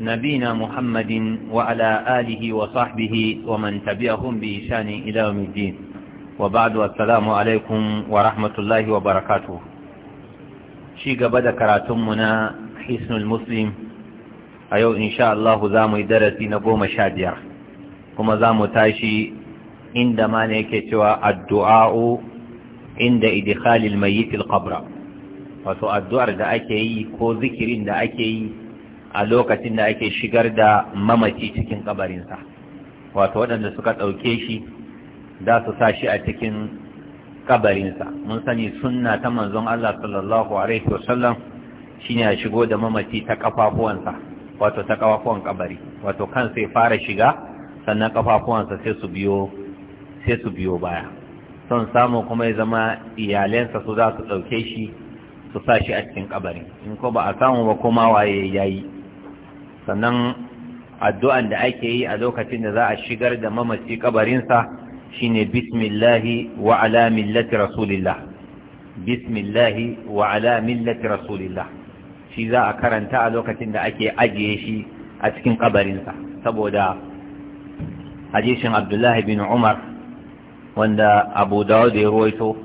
نبينا محمد وعلى آله وصحبه ومن تبعهم بإشان إلى يوم الدين وبعد السلام عليكم ورحمة الله وبركاته شيء قبل كراتمنا حسن المسلم أيو إن شاء الله زام درسي نقوم شاديا كما زام تاشي عندما نكتوى الدعاء عند إدخال الميت القبر وسؤال الدعاء da ake yi ko zikirin da ake yi a lokacin da ake shigar da mamaci cikin kabarinsa wato waɗanda suka ɗauke shi za su sa shi a cikin kabarinsa mun sani sunna ta manzon Allah sallallahu alaihi wasallam ne a shigo da mamaci ta kafafuwansa wato ta kafafuwan kabari wato kan sai fara shiga sannan kafafuwansa sai su biyo sai su biyo baya son samu kuma ya zama iyalensa su za su ɗauke shi su sa shi a cikin kabari in ko ba a samu ba kuma waye yayi sannan addu'an da ake yi a lokacin da za a shigar da mamaci kabarinsa shine bismillahi wa ala millati rasulillah bismillahi wa ala rasulillah shi za a karanta a lokacin da ake ajiye shi a cikin kabarinsa saboda hadisin abdullahi bin umar wanda abu dawud ya ruwaito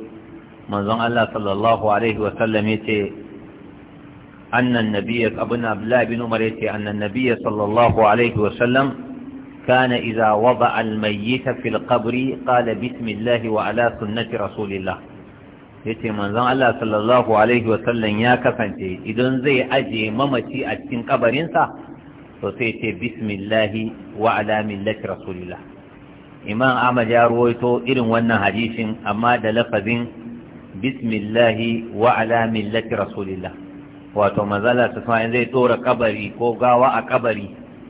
manzon Allah sallallahu alaihi wasallam ya ce أن النبي ابن عبد الله بن عمر أن النبي صلى الله عليه وسلم كان إذا وضع الميت في القبر قال بسم الله وعلى سنة رسول الله yace manzon Allah sallallahu alaihi sallam ya kasance idan zai aje mamaci a cikin kabarinsa to sai ce bismillah wa ala millati rasulillah imam Ahmad ya ruwaito irin wannan hadisin amma da lafazin bismillah wa ala millati rasulillah wato manzala su fa'in zai tsora kabari ko gawa a kabari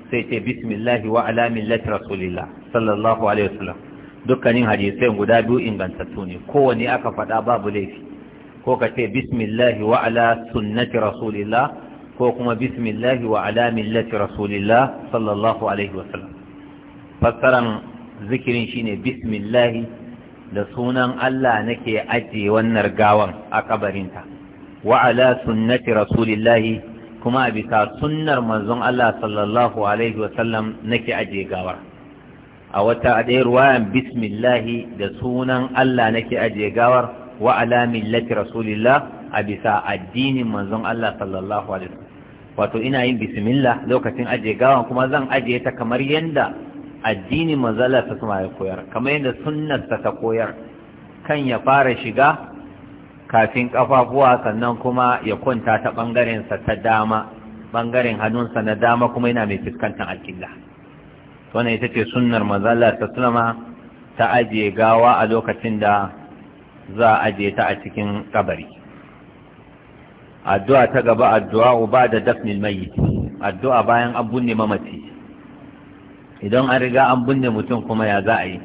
sai ce bismillahi wa ala millati rasulillah sallallahu alaihi wasallam dukkanin hadisai guda biyu ingantattu ne kowanne aka faɗa babu laifi ko ka ce bismillahi wa ala sunnati rasulillah ko kuma bismillahi wa ala millati rasulillah sallallahu alaihi wasallam fassaran zikirin shine bismillahi da sunan Allah nake ajiye wannan gawan a kabarinta wa ala sunnati rasulillahi kuma a bisa sunnar manzon Allah sallallahu alaihi wa sallam nake aje gawar a wata ɗaya ruwayan bismillahi da sunan Allah nake aje gawar wa ala millati rasulillah a bisa addinin manzon Allah sallallahu alaihi wasallam wato ina yin bismillah lokacin aje gawan kuma zan aje ta kamar yanda addinin manzon Allah ta ya koyar kamar yanda sunnar ta koyar kan ya fara shiga kafin kafafuwa sannan kuma ya kwanta ta ɓangarensa ta dama hannunsa na dama kuma yana mai fuskantar alƙilla wannan ita ce sunnar manzala ta sulama ta ajiye gawa a lokacin da za a ajiye ta a cikin kabari addu'a ta gaba addu'a ba da dafnil mayyit addu'a bayan an bunne mamaci idan an riga an bunne mutum kuma ya za a yi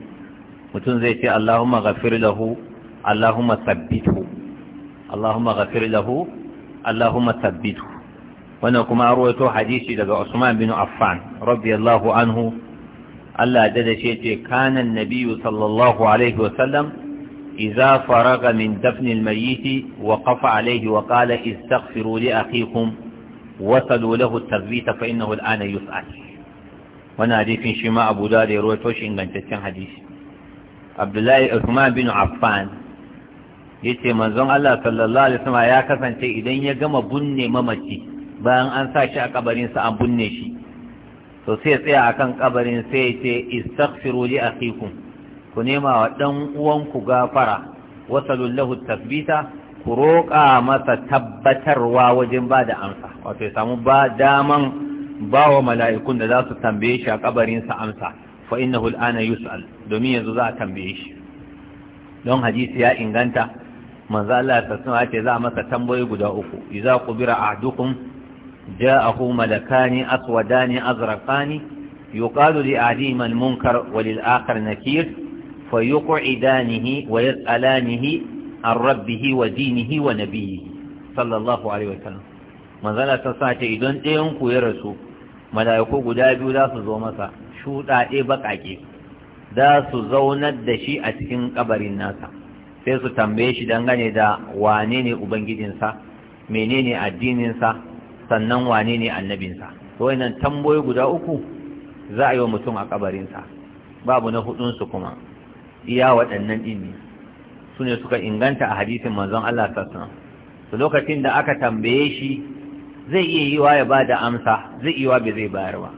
mutum zai ce allahumma ghafir lahu allahumma sabbithu Allahumma ghafir lahu Allahumma thabbitu wannan kuma rawaito hadisi daga Usman bin Affan radiyallahu anhu Allah da da shi ce kana annabiyyu sallallahu alaihi wa sallam idza faraga min dafn al-mayyit waqafa alaihi wa qala istaghfiru li akhikum wasalu lahu at-tathbita fa innahu al-ana yus'al wannan hadisin shi ma Abu Dawud ya rawaito shi ingantaccen hadisi Abdullahi Usman bin Affan yace manzon Allah sallallahu alaihi wasallam ya kasance idan ya gama bunne mamaci bayan an sa shi a kabarinsa an bunne shi So sai ya tsaya akan kabarin sai ya ce istaghfiru li akhikum ku nema wa dan uwanku gafara wasalul lahu tasbita ku roƙa masa tabbatarwa wajen ba da amsa wato ya samu ba daman ba wa mala'ikun da za su tambaye shi a kabarinsa amsa fa inna hul'ana yus'al domin yanzu za a tambaye shi don hadisi ya inganta manzo Allah ta ce za a masa tambayi guda uku idza qubira ahdukum ja'ahu malakani aswadani azraqani yuqalu li adim al munkar wa lil akhar nakir fayuq'idanihi wa yas'alanihi an rabbihi wa dinihi wa nabiyhi sallallahu alaihi wasallam manzo Allah ta ce idan ɗayan ku ya rasu mala'iku guda biyu za su zo masa shuɗaɗe baƙaƙe za su zaunar da shi a cikin ƙabarin nasa sai su tambaye shi dangane da wane ne ubangijinsa menene addininsa sannan wane ne annabinsa to wannan tamboyi guda uku za a yi wa mutum a kabarinsa babu na hudunsu kuma iya waɗannan ɗin su ne suka inganta a hadisin manzon Allah sassan su lokacin da aka tambaye shi zai iya yiwa ya ba da amsa zai iya yiwa bai zai bayar ba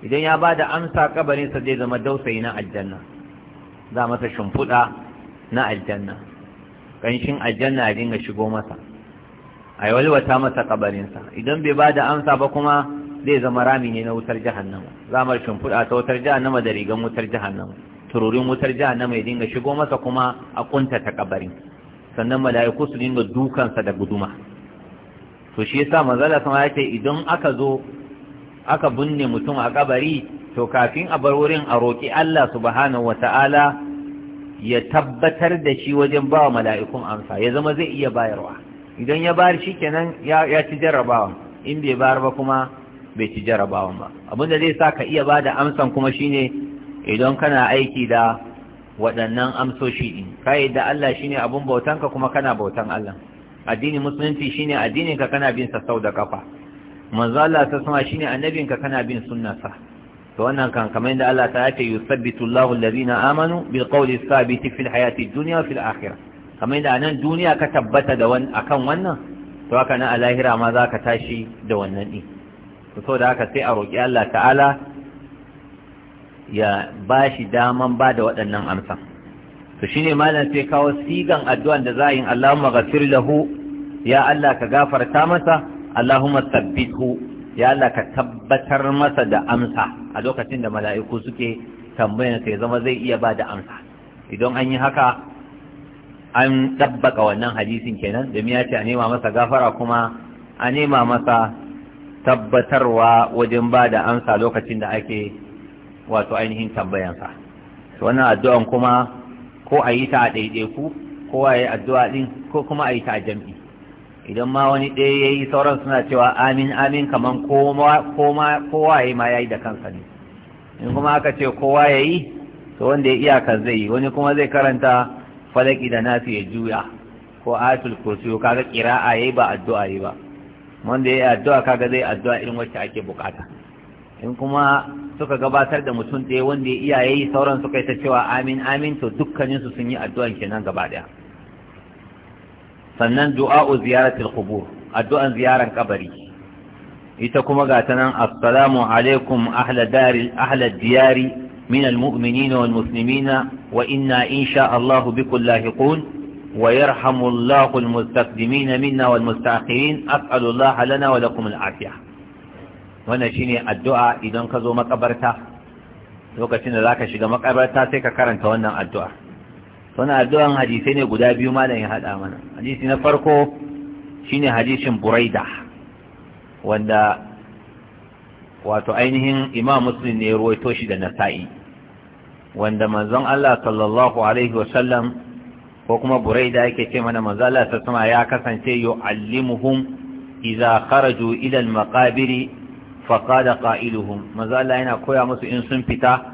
idan ya ba da amsa kabarinsa zai zama dausayi na aljanna za masa shimfiɗa na aljanna ƙanshin aljanna dinga shigo masa a yi walwata masa kabarinsa idan bai ba da amsa ba kuma zai zama rami ne na wutar jahannama zamar shimfiɗa ta wutar jihannama da rigan wutar jihannama tururin wutar jihannama ya dinga shigo masa kuma a kunta ta kabarin sannan mala'iku su dinga dukansa da guduma to shi yasa manzala sama ya ce idan aka zo aka binne mutum a kabari to kafin a bar wurin a roƙi Allah subhanahu ta'ala. ya tabbatar da shi wajen ba wa mala'ikun amsa ya zama zai iya bayarwa idan ya bayar shi kenan ya ci jarrabawa in bai bayar ba kuma bai ci jarrabawan ba abinda zai sa ka iya ba da amsan kuma shine idan kana aiki da waɗannan amsoshi ɗin ka yi da Allah shine abin bautanka kuma kana bautan Allah addini musulunci shine addinin ka kana bin sa sau da kafa manzo Allah ta sama shine annabinka kana bin sunnarsa to wannan kan kamar yadda Allah ta ce yusabbitu Allahu allazina amanu bil qawli sabiti fil hayati dunya kamar yadda anan duniya ka tabbata da wan akan wannan to haka nan a lahira ma za ka tashi da wannan din to saboda haka sai a roki Allah ta'ala ya bashi daman ba da waɗannan amsa to shine Mallam sai kawo sigan addu'an da za yin Allahumma ghafir ya Allah ka gafarta masa Allahumma sabbithu ya Allah ka tabbatar masa da amsa a lokacin da mala'iku suke tambayansa sai zama zai iya ba da amsa idan an yi haka an tabbaka wannan hadisin kenan domin ya ce a nema masa gafara kuma a nema masa tabbatarwa wajen ba da amsa lokacin da ake wato ainihin tambayansa wannan addu'an kuma ko a yi ta a ɗaiɗaiku ko a addu'a ɗin ko kuma a yi ta a jam'i idan ma wani ɗaya ya yi sauran suna cewa amin amin kamar kowa ya yi ma ya yi da kansa ne in kuma aka ce kowa ya yi to wanda ya iyaka zai yi wani kuma zai karanta falaki da nasu ya juya ko ayatul ko kaga kira'a yi ba addu'a yi ba wanda ya yi addu'a kaga zai addu'a irin wacce ake bukata in kuma suka gabatar da mutum ɗaya wanda ya iya yayi sauran suka yi ta cewa amin amin to dukkaninsu sun yi addu'an kenan gaba ɗaya sannan du'a'u ziyaratul qubur addu'an ziyaran kabari ita kuma ga nan assalamu alaikum ahla dari ahla diyari min almu'minina wal muslimina wa inna insha Allah bikum lahiqun ويرحم الله المستقدمين منا والمستأخرين أسأل الله لنا ولكم العافية wannan shine addu'a idan ka zo makabarta lokacin da zaka shiga makabarta sai ka karanta wannan addu'a wani addu'an hadisai ne guda biyu malam ya haɗa mana hadisi na farko shine hadisin buraida wanda wato ainihin imam muslim ne ya ruwaito shi da nasa'i wanda manzon Allah sallallahu alaihi wasallam ko kuma buraida yake ce mana manzon Allah sassama ya kasance yu'allimuhum idza kharaju ila al-maqabiri faqala qailuhum manzon Allah yana koya musu in sun fita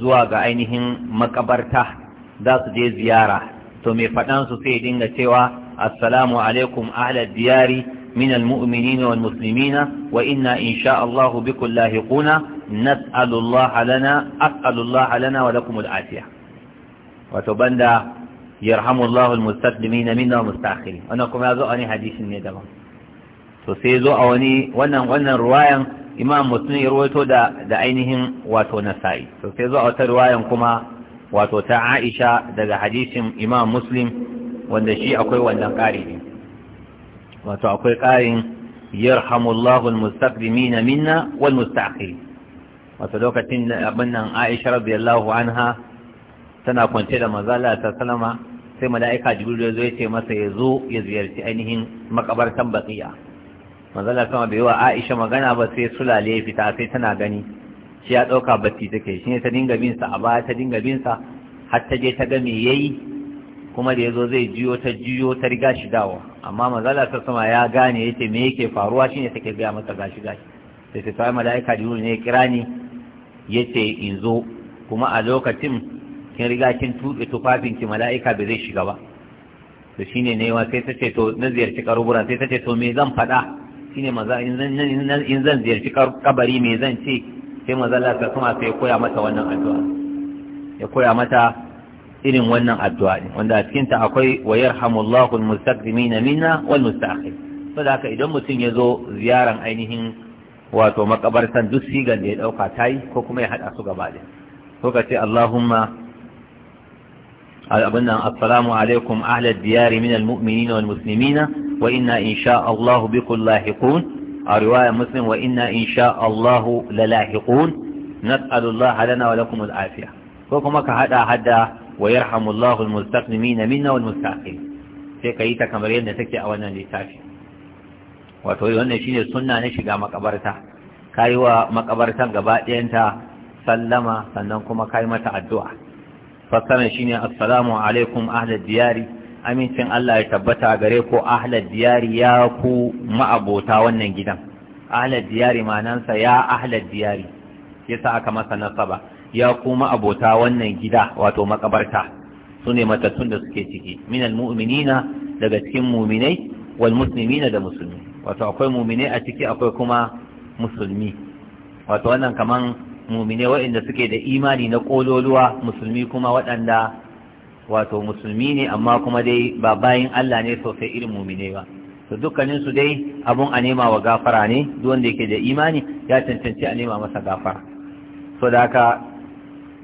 zuwa ga ainihin makabarta za su je ziyara to mai faɗansu sai dinga cewa assalamu alaikum ahlal diyari min almu'minin wal wa inna insha Allahu bikum lahiquna nas'alu lana aqalu Allah lana wa lakum al'afiya wato banda yarhamu Allah almustaqdimin minna mustaakhirin ana kuma yazo ani hadisin ne daban to sai zo a wani wannan wannan ruwayan imam muslim ya ruwaito da ainihin wato nasai sai zo a wata ruwayan kuma wato ta Aisha daga hadisin Imam Muslim wanda shi akwai wannan ƙari ne wato akwai ƙarin yarhamullahu almustaqdimina minna wal wato lokacin da abin Aisha radiyallahu anha tana kwance da manzala ta salama sai mala'ika jibril ya zo ya ce masa ya zo ya ziyarci ainihin makabartan baqiya manzala sama bai wa Aisha magana ba sai sulale ya fita sai tana gani shi ya ɗauka bacci take shi ne ta dinga bin sa a baya ta dinga bin sa har ta je ta ga me yayi kuma da yazo zai jiyo ta jiyo ta riga shi dawo amma manzala ta sama ya gane yace me yake faruwa shine take ga masa gashi gashi sai ta sai malaika jibril ne kira ni yace in zo kuma a lokacin kin riga kin tuɓe tufafinki mala'ika bai zai shiga ba to shine ne wa sai tace to na ziyarci karuburan sai tace to me zan faɗa shine maza in zan ziyarci kabari me zan ce sai mazala ta kuma sai koya mata wannan addu'a ya koya mata irin wannan addu'a ne wanda a cikin ta akwai wa yarhamullahu almustaqdimina minna wal musta'khir saboda haka idan mutum ya zo ziyaran ainihin wato makabartan duk sigan da ya dauka tayi ko kuma ya hada su gaba da ko ka ce Allahumma abin assalamu alaikum ahlal diyari min almu'minina wal muslimina wa inna insha Allah bikum lahiqun a riwaya muslim wa inna insha Allahu lalahiqun nas'alullaha lana wa lakum al'afiya ko kuma ka hada hada wa yarhamullahu almustaqdimin minna wal sai ka yi ta kamar yadda take a wannan littafi wato wannan shine sunna na shiga makabarta kayi wa makabartan gaba sallama sannan kuma kayi mata addu'a fassarar shine assalamu alaikum ahlal diyari amincin Allah ya tabbata gare ko ahlal diyari ya ku ma'abota wannan gidan ahlal diyari manansa ya ahlal diyari yasa aka masa nasaba ya ku ma'abota wannan gida wato makabarta su ne matattun da suke ciki minal mu'minina daga cikin muminai wal muslimina da musulmi wato akwai muminai a ciki akwai kuma musulmi wato wannan kaman muminai waɗanda suke da imani na kololuwa musulmi kuma waɗanda wato musulmi ne amma kuma dai ba bayin Allah ne sosai irin mumine ba to dukkanin su dai abun a nema wa gafara ne duk wanda yake da imani ya cancanci a nema masa gafara so da haka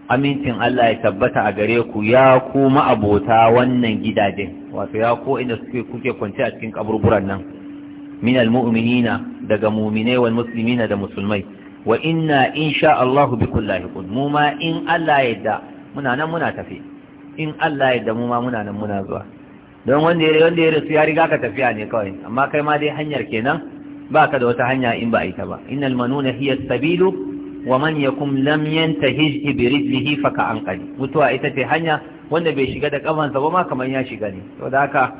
amincin Allah ya tabbata a gare ku ya kuma abota wannan gidajen wato ya ko inda suke kuke kwance a cikin kaburburan nan min almu'minina daga mu'minai wal muslimina da musulmai wa inna insha Allah bikum lahiqun mu ma in Allah ya yarda muna nan muna tafi in Allah ya damu ma muna nan muna zuwa don wanda ya wanda ya rasu ya riga ka tafiya ne kawai amma kai ma dai hanyar kenan ba ka da wata hanya in ba a ita ba innal manuna hiya sabilu wa man yakum lam yantahi bi rijlihi fa ka anqadi mutuwa ita ce hanya wanda bai shiga da kafansa ba ma kamar ya shiga ne to da haka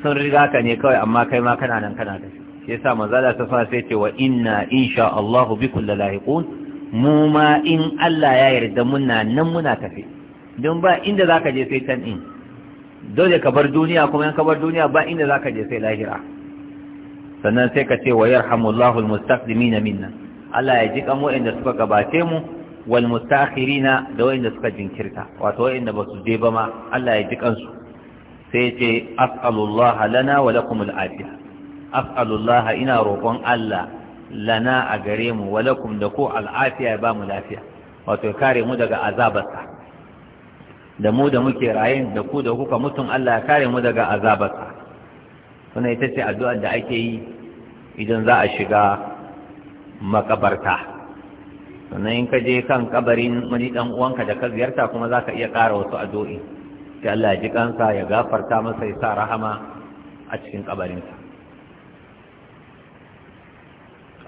sun riga ka ne kawai amma kai ma kana nan kana tafi shi yasa manzo da ta sai ce wa inna insha Allah bikum lalahiqun mu ma in Allah ya yarda muna nan muna tafi don ba inda za ka je sai can in, dole ka bar duniya kuma yan ka bar duniya ba inda za ka je sai lahira sannan sai ka ce wa yarhamullahu almustaqdimina minna Allah ya ji kan suka gabace mu wal mustakhirina da wa'anda suka jinkirta wato wa'anda ba su je ba ma Allah ya ji kansu sai ce as'alullaha lana wa lakum al'afiya as'alullaha ina roƙon Allah lana a gare mu wa lakum da ko al'afiya ba mu lafiya wato kare mu daga azabarsa da mu da muke rayin da ku da kuka mutum Allah ya kare mu daga azabarsa suna ita ce addu'ar da ake yi idan za a shiga makabarta sannan in ka je kan kabarin wani dan uwanka da ka ziyarta kuma za ka iya ƙara wasu addu'o'i sai Allah ya ji kansa ya gafarta masa ya sa rahama a cikin kabarinsa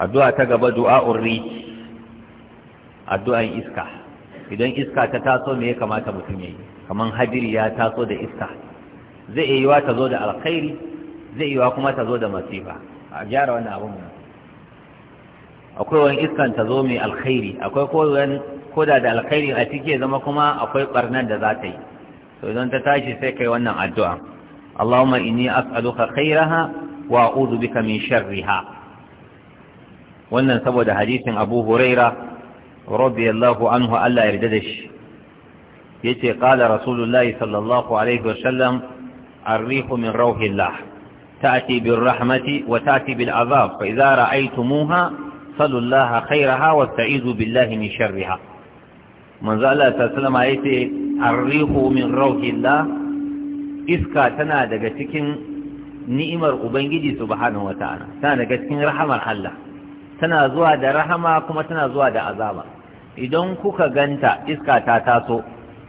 addu'a ta gaba du'a urri addu'an iska idan iska ta taso me ya kamata mutum ya yi kamar hadiri ya taso da iska zai iya wa ta zo da alkhairi zai iya kuma ta zo da masifa a gyara wannan abin mu. akwai wani iskan ta zo mai alkhairi akwai kowane koda da alkhairi a ciki zama kuma akwai barnan da za ta yi to idan ta tashi sai kai wannan addu'a Allahumma inni as'aluka khairaha wa a'udhu bika min sharriha wannan saboda hadisin Abu Huraira radiyallahu anhu Allah yarda da shi yace qala rasulullahi sallallahu alaihi wasallam ar-rihu min rauhillah تأتي بالرحمة وتأتي بالعذاب فإذا رأيتموها صلوا الله خيرها واستعيذوا بالله من شرها من ذا الله تسلم آيته الريح من روح الله إسكا تنا دقتك نئمر أبنجي سبحانه وتعالى تنا دقتك رحمة الله tana zuwa da rahama kuma tana zuwa da azaba idan kuka ganta iska ta taso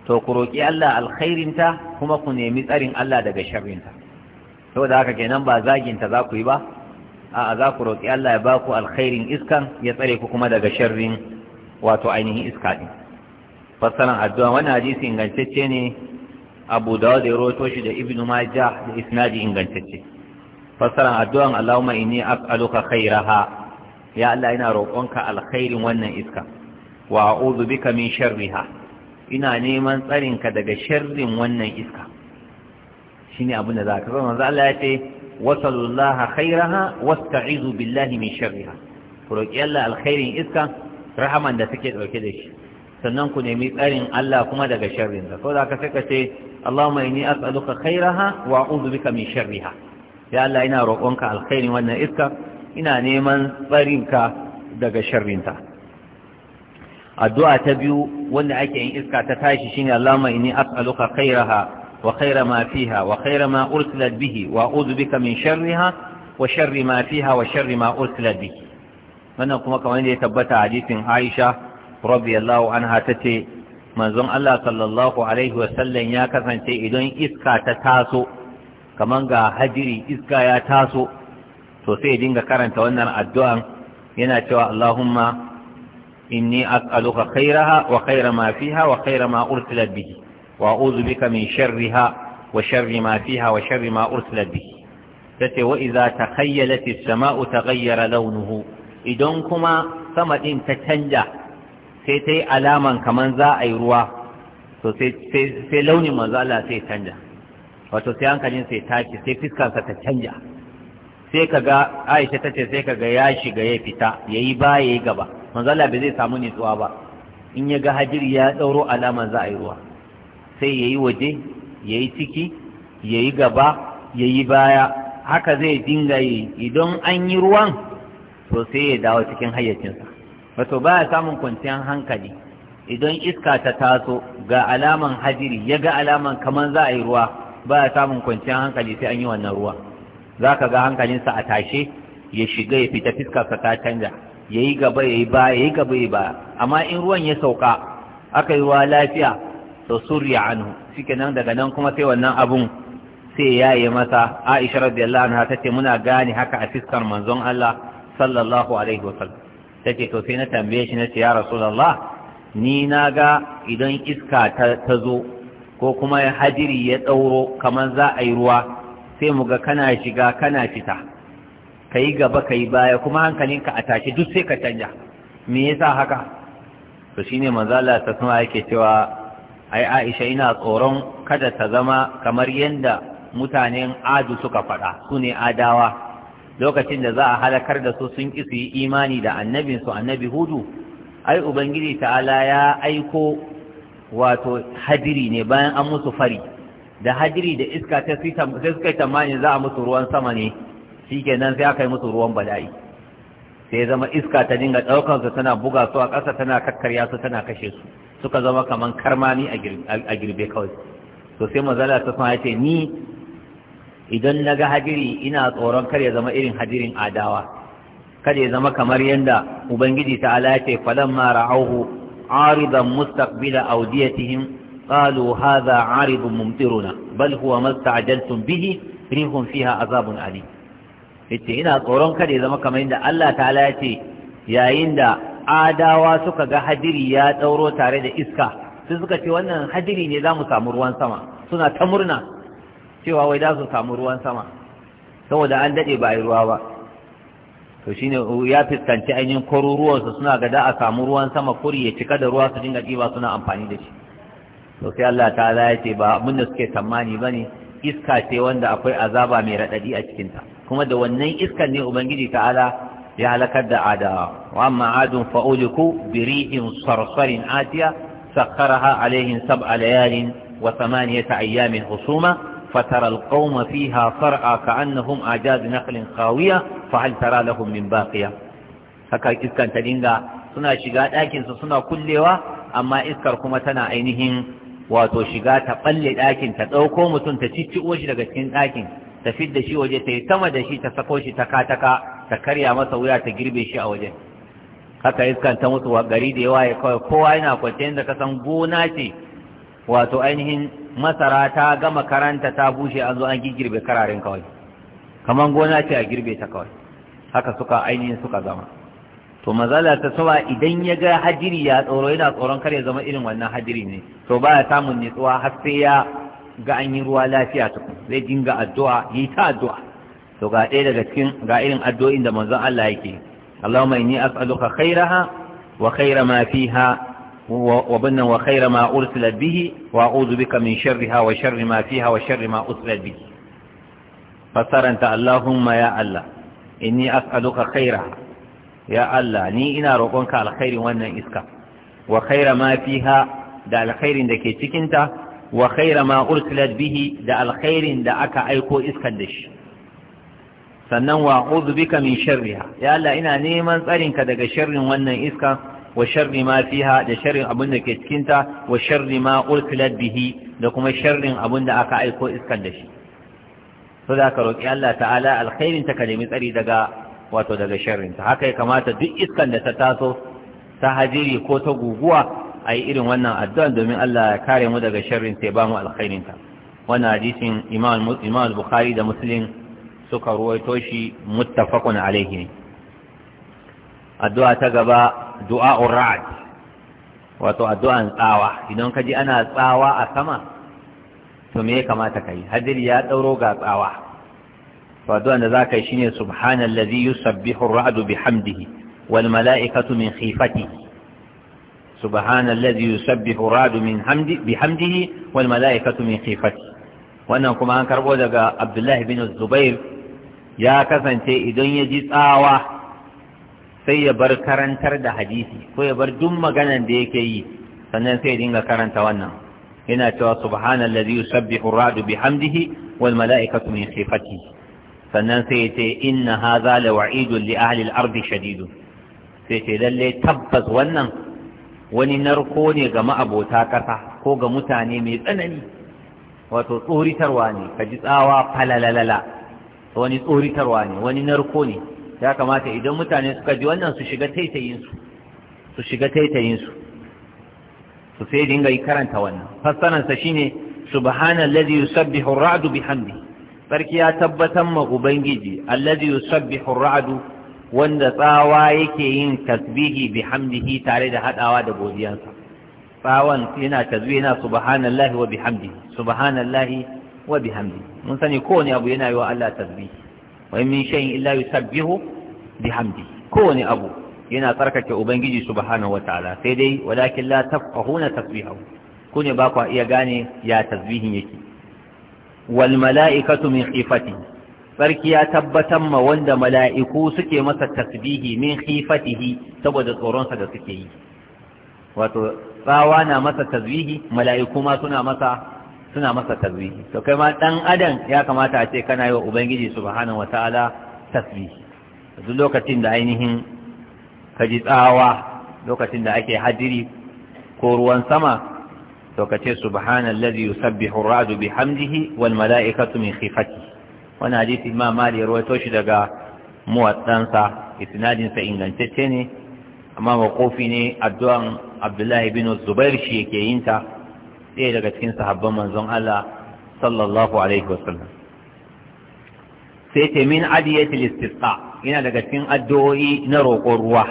to ku roƙi Allah alkhairinta kuma ku nemi tsarin Allah daga sharrinta saboda haka kenan ba zaginta za ku yi ba a'a za ku roƙi Allah ya baku ku alkhairin iskan ya tsare ku kuma daga sharrin wato ainihin iska din fassalan addu'a wannan hadisi ingantacce ne Abu Dawud ya rawaito shi da Ibn Majah da isnadi ingantacce fassalan addu'an Allahumma inni as'aluka khairaha ya Allah ina roƙonka alkhairin wannan iska wa a'udhu bika min sharriha ina neman tsarinka daga sharrin wannan iska shine abin da zaka zama manzo Allah ya ce wasallallaha khairaha wasta'izu billahi min sharriha ku roƙi Allah alkhairin iska rahaman da take dauke da shi sannan ku nemi tsarin Allah kuma daga sharrin ta saboda ka saka ce Allahumma inni as'aluka khairaha wa a'udhu bika min sharriha ya Allah ina roƙonka alkhairin wannan iska ina neman tsarinka daga sharrinta addu'a ta biyu wanda ake yin iska ta tashi shine Allahumma inni as'aluka khairaha wa khaira ma fiha wa khaira ma ursilat bihi wa a'udhu bika min sharriha wa sharri ma fiha wa sharri ma ursilat bihi wannan kuma kamar yadda ya tabbata hadisin Aisha radiyallahu anha tace manzon Allah sallallahu alaihi wa sallam ya kasance idan iska ta taso kaman ga hajiri iska ya taso Sosai ya dinga karanta wannan addu'an yana cewa Allahumma inni as'aluka khairaha wa khaira ma fiha wa khaira ma ursilat bihi wa a'udhu bika min sharriha wa sharri ma fiha wa sharri ma ursilat bihi tace wa idza takhayyalat as-sama'u taghayyara launuhu idan kuma sama din ta canja sai tayi alaman kaman za a yi ruwa to sai launin manzo Allah sai canja wato sai hankalin sai tashi sai fiskansa ta canja sai ka ga aisha ta ce sai ka ga ya shiga ya fita ya yi ba ya yi gaba manzala bai zai samu nitsuwa ba in ya ga hajiri ya ɗauro alama za a yi ruwa sai ya yi waje ya yi ciki ya yi gaba ya yi baya haka zai dinga yi idan an yi ruwan to sai ya dawo cikin hayyacinsa wato ba ya samun kwanciyar hankali idan iska ta taso ga alaman hajiri ya ga alaman kamar za a yi ruwa ba ya samun kwanciyar hankali sai an yi wannan ruwa za ka ga hankalinsa a tashe ya shiga ya fita fiskarsa ta canja ya yi gaba ya yi baya ya yi gaba ya yi baya amma in ruwan ya sauka aka yi ruwa lafiya to surya anhu Suke nan daga nan kuma sai wannan abun sai ya yi masa aisha radiyallahu anha ce muna gane haka a fiskar manzon Allah sallallahu alaihi wasallam ce to sai na tambaye shi na ce ya rasulallah ni na ga idan iska ta zo ko kuma hadiri ya ɗauro kamar za a yi ruwa sai mu ga kana shiga kana fita ka yi gaba ka yi baya kuma hankalinka a tashi duk sai ka canja me yasa haka to shine manzala ta kuma yake cewa ai Aisha ina tsoron kada ta zama kamar yanda mutanen Adu suka faɗa su ne Adawa lokacin da za a halakar da su sun ƙi su yi imani da annabin su annabi Hudu ai ubangiji ta'ala ya aiko wato hadiri ne bayan an musu fari da hadiri da iska ta sai suka yi tamanin za a musu ruwan sama ne shi kenan sai aka yi musu ruwan bala'i sai zama iska ta dinga ɗaukansu tana buga su a ƙasa tana kakkarya su tana kashe su suka zama kaman karmami a girbe kawai to sai mazala ta ce ni idan na ga hadiri ina tsoron kar ya zama irin hadirin adawa kada ya zama kamar yadda ubangiji ta ala ce falamma ra'auhu aridan mustaqbila awdiyatihim قالوا هذا عارض ممطرنا بل هو ما استعجلتم به ريح فيها عذاب عليم Ita ina tsoron kada ya zama kamar yadda Allah ta'ala ya ce yayin da adawa suka ga hadiri ya tsauro tare da iska sai suka ce wannan hadiri ne za mu samu ruwan sama suna ta murna cewa wai za su samu ruwan sama saboda an daɗe ba a yi ruwa ba to shine ya fuskanci ainihin kwaruruwansu suna ga da a samu ruwan sama kuri ya cika da ruwa su dinga ɗiba suna amfani da shi to sai Allah ta'ala ya ce ba abin da suke tsammani bane iska ce wanda akwai azaba mai radadi a cikin ta kuma da wannan iskan ne ubangiji ta'ala ya halakar da adawa wa amma adun fa uliku bi rihin sarsarin atiya sakharaha alaihim sab'a layalin wa thamaniyata ayyamin husuma fatara alqawma fiha sar'a ka'annahum ajaz naqlin khawiya fa hal tara lahum min baqiya haka iskan ta dinga suna shiga ɗakinsu suna kullewa amma iskar kuma tana ainihin wato shiga ta balle ɗakin ta ɗauko mutum ta cicci shi daga cikin ɗakin ta fidda shi waje ta yi sama da shi ta sako shi ta kataka ta karya masa wuya ta girbe shi a wajen. haka iskan ta mutu gari da yawa ya kawai kowa yana kwance yadda ka san gona ce wato ainihin masara ta gama karanta ta bushe an zo an girbe kararen kawai kamar gona ce a girbe ta kawai haka suka ainihin suka zama to mazala ta sawa idan ya ga hajiri ya tsoro yana tsoron kar ya zama irin wannan hajiri ne to baya samun nutsuwa har sai ya ga an yi ruwa lafiya tukun zai dinga addu'a yi ta addu'a to ga ɗaya daga cikin ga irin addu'o'in da manzon Allah yake Allahumma inni as'aluka khairaha wa khaira ma fiha وبنا وخير ما wa به وأعوذ بك من Wa وشر ma فيها وشر ما أرسلت به فصار أنت اللهم يا الله إني أسألك خيرها ya Allah ni ina roƙonka alkhairin wannan iska wa khaira ma fiha da alkhairin da ke cikinta wa khaira ma ursilat bihi da alkhairin da aka aiko iskan da shi sannan wa a'udhu min sharriha ya Allah ina neman tsarinka daga sharrin wannan iska wa sharri ma fiha da sharrin abin da ke cikinta wa sharri ma ursilat bihi da kuma sharrin abin da aka aiko iskan da shi so da ka roƙi Allah ta'ala alkhairin ta ka nemi tsari daga wato daga sharrinta haka ya kamata duk iskan da ta taso ta hajiri ko ta guguwa a yi irin wannan addu'an domin Allah ya kare mu daga sharrin ta ba mu alkhairinta Wani hadisin imam al-bukhari da muslim suka ruwaito shi muttafaqun alaihi ne addu'a ta gaba du'a'ur ra'd wato addu'an tsawa idan ka ji ana tsawa a sama to me ya kamata ka yi hajiri ya dauro ga tsawa فدوان ذاك شيني سبحان الذي يسبح الرعد بحمده والملائكة من خيفته سبحان الذي يسبح الرعد من حمد بحمده والملائكة من خيفته wannan kuma an karbo daga abdullahi bin zubair ya kasance idan ya ji tsawa sai ya bar karantar da hadisi ko ya bar duk maganar da yake yi sannan sai ya dinga karanta wannan yana cewa subhanallazi yusabbihu ar-ra'du bihamdihi wal mala'ikatu sannan sai ya ce inna haza la wa'idun li ahli al-ardi shadidun sai ce lalle tabbas wannan wani narko ne ga ma'abota kasa ko ga mutane mai tsanani wato tsoritarwa ne ka ji tsawa falalalala wani tsoritarwa ne wani narko ne ya kamata idan mutane suka ji wannan su shiga taitayinsu su shiga taitayinsu su sai dinga yi karanta wannan fassararsa shine subhanallazi yusabbihu ar-ra'du bihamdihi sarki ya tabbatar ma ubangiji allazi yusabbihu ra'du wanda tsawa yake yin tasbihi bihamdihi tare da hadawa da godiyansa tsawon yana tasbihi yana subhanallahi wa bihamdihi subhanallahi wa bihamdihi mun sani kowane abu yana yi wa Allah tasbihi wa min shay'in illa yusabbihu bihamdihi kowane abu yana tsarkake ubangiji subhanahu wa wataala sai dai walakin la tafqahuna tasbihahu kune ba ku iya gane ya tasbihin yake Walmala'ikatu mala'ikatu min khifati sarki ya tabbatar ma wanda mala'iku suke masa tasbihi min khifatihi saboda tsoronsa da suke yi wato tsawa na masa tasbihi mala'iku ma suna masa suna masa tasbihi to kai ma dan adam ya kamata a ce kana yi wa ubangiji subhanahu wataala tasbihi duk lokacin da ainihin ka ji tsawa lokacin da ake hadiri ko ruwan sama to kace subhanallazi yusabbihu ar-ra'du bihamdihi wal mala'ikatu min khifati wani hadisi ma mali ya rawaito shi daga muwaddansa isnadin sa ingantacce ne amma makofi ne addu'an abdullahi bin zubair shi yake yin ta ɗaya daga cikin sahabban manzon Allah sallallahu alaihi wasallam sai ta min adiyatil istisqa yana daga cikin addu'o'i na roƙon ruwa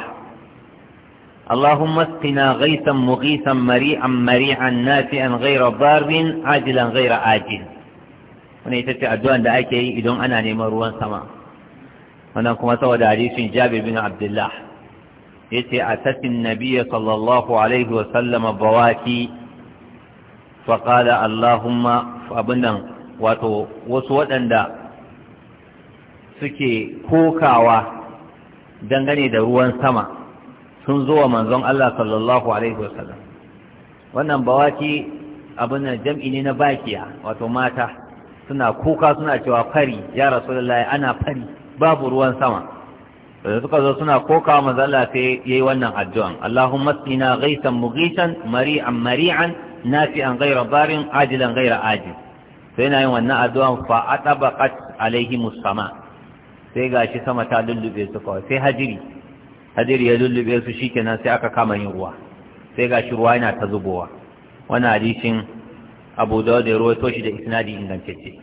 اللهم اسقنا غيثا مغيثا مريئا مريعا نافئا غير ضار عاجلا غير آجل wani ita ce addu'an da ake yi idan ana neman ruwan sama wannan kuma saboda hadisin jabir bin abdullah a atatin Nabiya sallallahu alaihi wa sallama bawaki fa qala allahumma abunan wato wasu waɗanda suke kokawa dangane da ruwan sama sun zo wa manzon Allah sallallahu alaihi wasallam wannan bawaki abin jam'i ne na bakiya wato mata suna kuka suna cewa fari ya rasulullahi ana fari babu ruwan sama da suka zo suna koka manzon Allah sai yayi wannan addu'an Allahumma sina ghaisan mughisan mari'an mari'an nafi'an ghaira barin ajilan ghaira ajil sai na yin wannan addu'an fa atabaqat alaihi musama sai gashi sama ta lullube su kawai sai hajiri hadir ya lullube su shi kenan sai aka kama yin ruwa sai gashi ruwa yana ta zubowa wani hadisin abu da ya ruwa toshi da isnadi ingantacce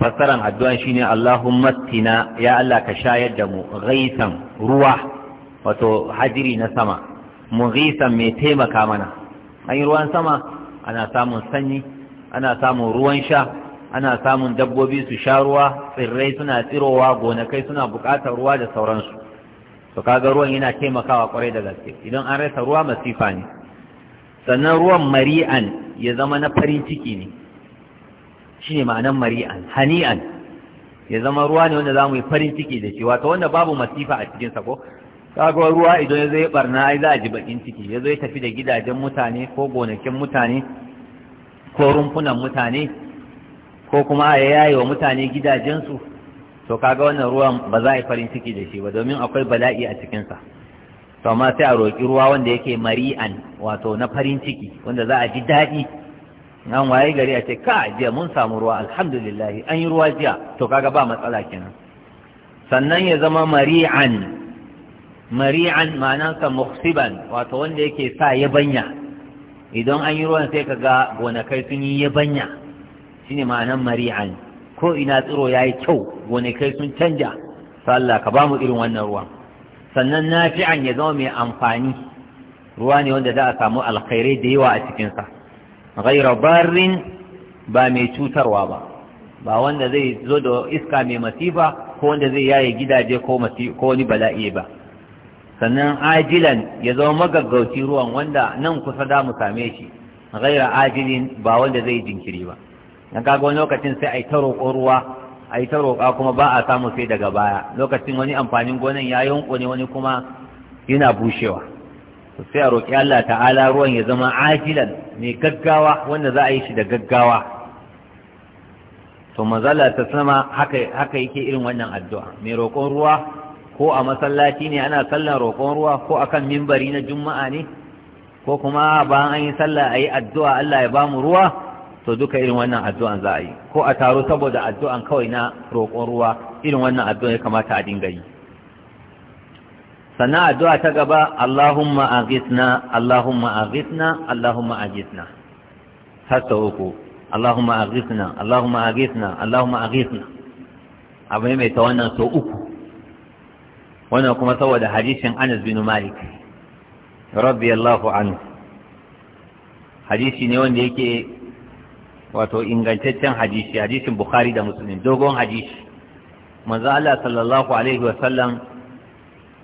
fassaran addu'an shine Allahumma tina ya Allah ka shayar da mu ghaisan ruwa wato hadiri na sama mu gaisan mai taimaka mana an yi ruwan sama ana samun sanyi ana samun ruwan sha ana samun dabbobi su sha ruwa tsirrai suna tsirowa gonakai suna bukatar ruwa da sauransu to kaga ruwan yana taimakawa kwarai da gaske idan an rasa ruwa masifa ne sannan ruwan mari'an ya zama na farin ciki ne Shi ne ma'anan mari'an hani'an ya zama ruwa ne wanda za mu yi farin ciki da shi wato wanda babu masifa a cikin sa ko kaga ruwa idan ya zai barna ai za a ji bakin ciki ya zo ya tafi da gidajen mutane ko gonakin mutane ko rumfunan mutane ko kuma ya yaye wa mutane gidajensu to kaga wannan ruwan ba za a yi farin ciki da shi ba domin akwai bala'i a cikinsa to amma sai a roƙi ruwa wanda yake mari'an wato na farin ciki wanda za a ji daɗi an waye gari a ce ka jiya mun samu ruwa alhamdulillah an yi ruwa jiya to kaga ba matsala kenan sannan ya zama mari'an mari'an ma'anansa musiban wato wanda yake sa yabanya idan an yi ruwan sai kaga gonakai sun yi yabanya shine ma'anan mari'an ko ina tsiro ya yi kyau kai sun canja Sallah ka ka bamu irin wannan ruwan sannan nafi'an ya zama mai amfani ruwa ne wanda za a samu alkhairai da yawa a cikinsa ghaira barrin ba mai cutarwa ba ba wanda zai zo da iska mai masifa ko wanda zai yaye gidaje ko wani bala'i ba sannan ajilan ya zama magaggauci ruwan wanda nan kusa da mu same shi ghaira ajilin ba wanda zai jinkiri ba na kaga wani lokacin sai a yi ta roƙo ruwa a yi ta roƙa kuma ba a samu sai daga baya lokacin wani amfanin gonan ya ne wani kuma yana bushewa sai a roƙi Allah ta'ala ruwan ya zama ajilan mai gaggawa wanda za a yi shi da gaggawa to mazala ta sama haka yake irin wannan addu'a mai roƙon ruwa ko a masallaci ne ana sallan roƙon ruwa ko akan mimbari na juma'a ne ko kuma bayan an yi sallah a yi addu'a Allah ya bamu ruwa to duka irin wannan addu'an za a yi ko a taro saboda addu'an kawai na roƙon ruwa irin wannan addu'an ya kamata a dinga yi sannan addu'a ta gaba Allahumma aghithna Allahumma aghithna Allahumma aghithna har sau uku Allahumma aghithna Allahumma aghithna Allahumma aghithna abu mai ta wannan sau uku wannan kuma saboda hadishin Anas bin Malik rabbi radiyallahu anhu hadisi ne wanda yake wato ingantaccen hadisi hadisin bukhari da Musulmi, dogon hadisi manzo Allah sallallahu alaihi wa sallam